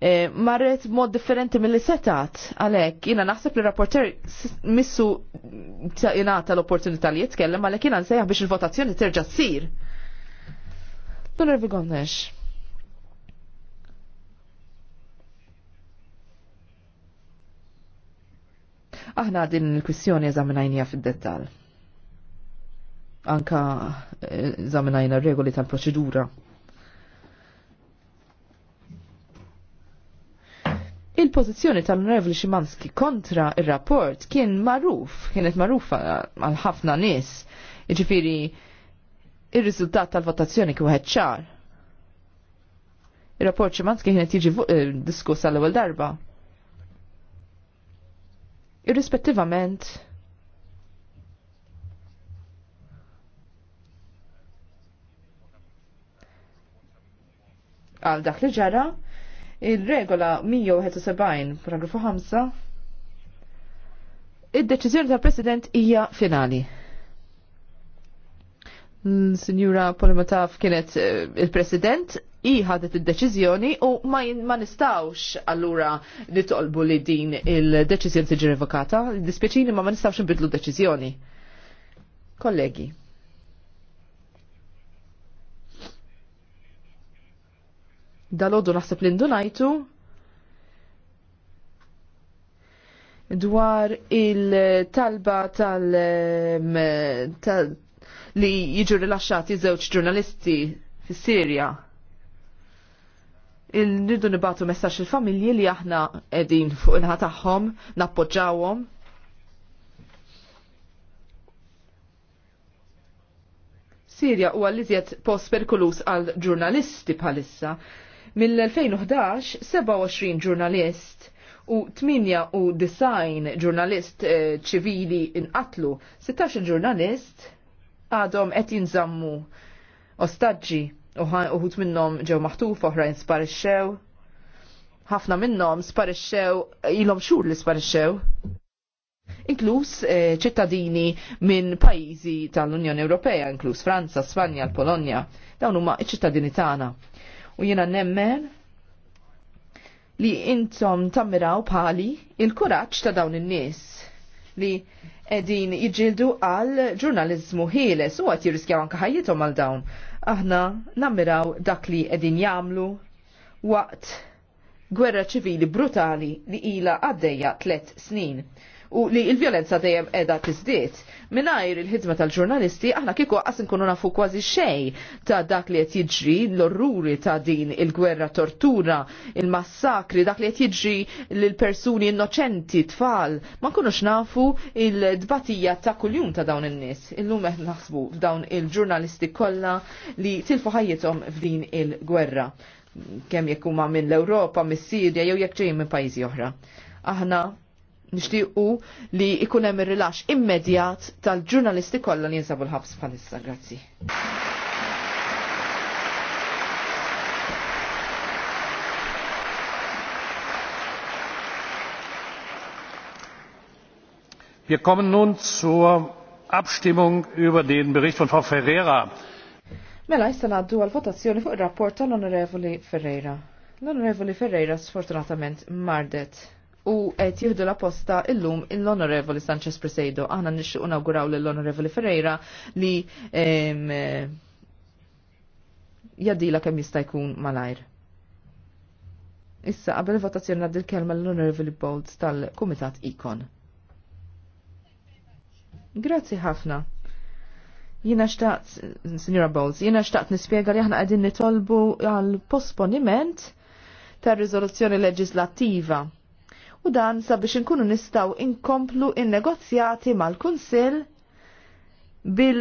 Eh, marret mod differenti mill-li setat għalek jina naħseb li rapporter missu jenata l-opportunità li jitkellem għalek jina nsejħ biex il-votazzjoni terġa tsir. Dollar Vigonnex. Aħna din il-kwistjoni eżaminajnija fid-dettal. Anka eh, eżaminajna regoli tal-proċedura Il-pozizjoni tal-Onorevoli Szymanski kontra il-rapport kien maruf, kienet marufa għal ħafna nies. Iġifiri, il-rizultat tal-votazzjoni kien wieħed ċar. Il-rapport Szymanski kienet jiġi eh, diskuss għall ewwel darba. Irrispettivament, għal dak li ġara, Il-regola 171, paragrafu 5, id-deċiżjoni tal-President hija finali. Signora Polimataf kienet eh, il-President, iħadet id-deċiżjoni u ma, ma nistawx allura nitolbu li din il-deċiżjoni tiġi revokata, dispieċini ma ma nistawx nbidlu deċiżjoni. Kollegi, Dalodu naħseb l-indunajtu dwar il-talba tal, li jiġu rilaxxati żewġ ġurnalisti fis-Sirja. Il-nidu nibatu messax il-familji li aħna edin fuq il-ħat tagħhom, nappoġġawhom. Sirja huwa l-iżjed post perkulus għal ġurnalisti bħalissa. Mill-2011 27 ġurnalist u 98 ġurnalist eh, ċivili inqatlu, 16 ġurnalist għadhom qed jinżammu ostaġġi uħut minnhom ġew maħtuf oħrajn sparixxew. Ħafna minnhom sparixxew ilhom xhur li sparixxew. Inkluż eh, ċittadini minn pajjiżi tal-Unjoni Ewropea, inkluż Franza, Spanja, l-Polonja, dawn huma ċ-ċittadini tagħna u jiena nemmen li intom tammiraw pali il-kuraċ ta' dawn in-nies li edin jiġildu għal ġurnalizmu ħieles u għat jirriskjaw anka ħajjithom għal dawn. Aħna nammiraw dak li edin jamlu waqt gwerra ċivili brutali li ila għaddejja tlet snin u li il-violenza dejjem edha tizdiet. Minajr il-ħidma tal-ġurnalisti, aħna kieku għas nkunu nafu kważi xej ta' dak li qed jiġri, l-orruri ta' din il-gwerra tortura, il-massakri, dak li qed jiġri lil persuni innoċenti, tfal, ma nkunux nafu il-dbatija ta' kuljum ta' dawn in-nies. Illum qed naħsbu f'dawn il-ġurnalisti kollha li tilfu ħajjithom f'din il-gwerra kemm jekk huma minn l-Ewropa, mis-Sirja jew jekk ġejjin minn pajjiżi oħra. Aħna nixtiequ li ikun hemm ir-rilax immedjat tal-ġurnalisti kollha li jinsabu l-ħabs bħalissa. Grazzi. Wir kommen nun zur Abstimmung über den Bericht von Frau Ferreira. Mela, jista naddu għal votazzjoni fuq il-rapport tal-Onorevoli Ferreira. L-Onorevoli Ferreira sfortunatament mardet u qed jieħdu la posta illum l-Onorevoli Sanchez Presedo. Aħna nixtiequ nawguraw lill-Onorevoli Ferreira li jaddila kemm jista' jkun malajr. Issa qabel votazzjoni għad il-kelma l-Onorevoli Bowles tal-Kumitat Ikon. Grazzi ħafna. Jina xtaqt, Signora Bowles, jina xtaqt nispiega li aħna għedin nitolbu għal posponiment ta' rizoluzzjoni leġislattiva u dan sabiex inkunu nistaw inkomplu in-negozjati mal-Kunsill bil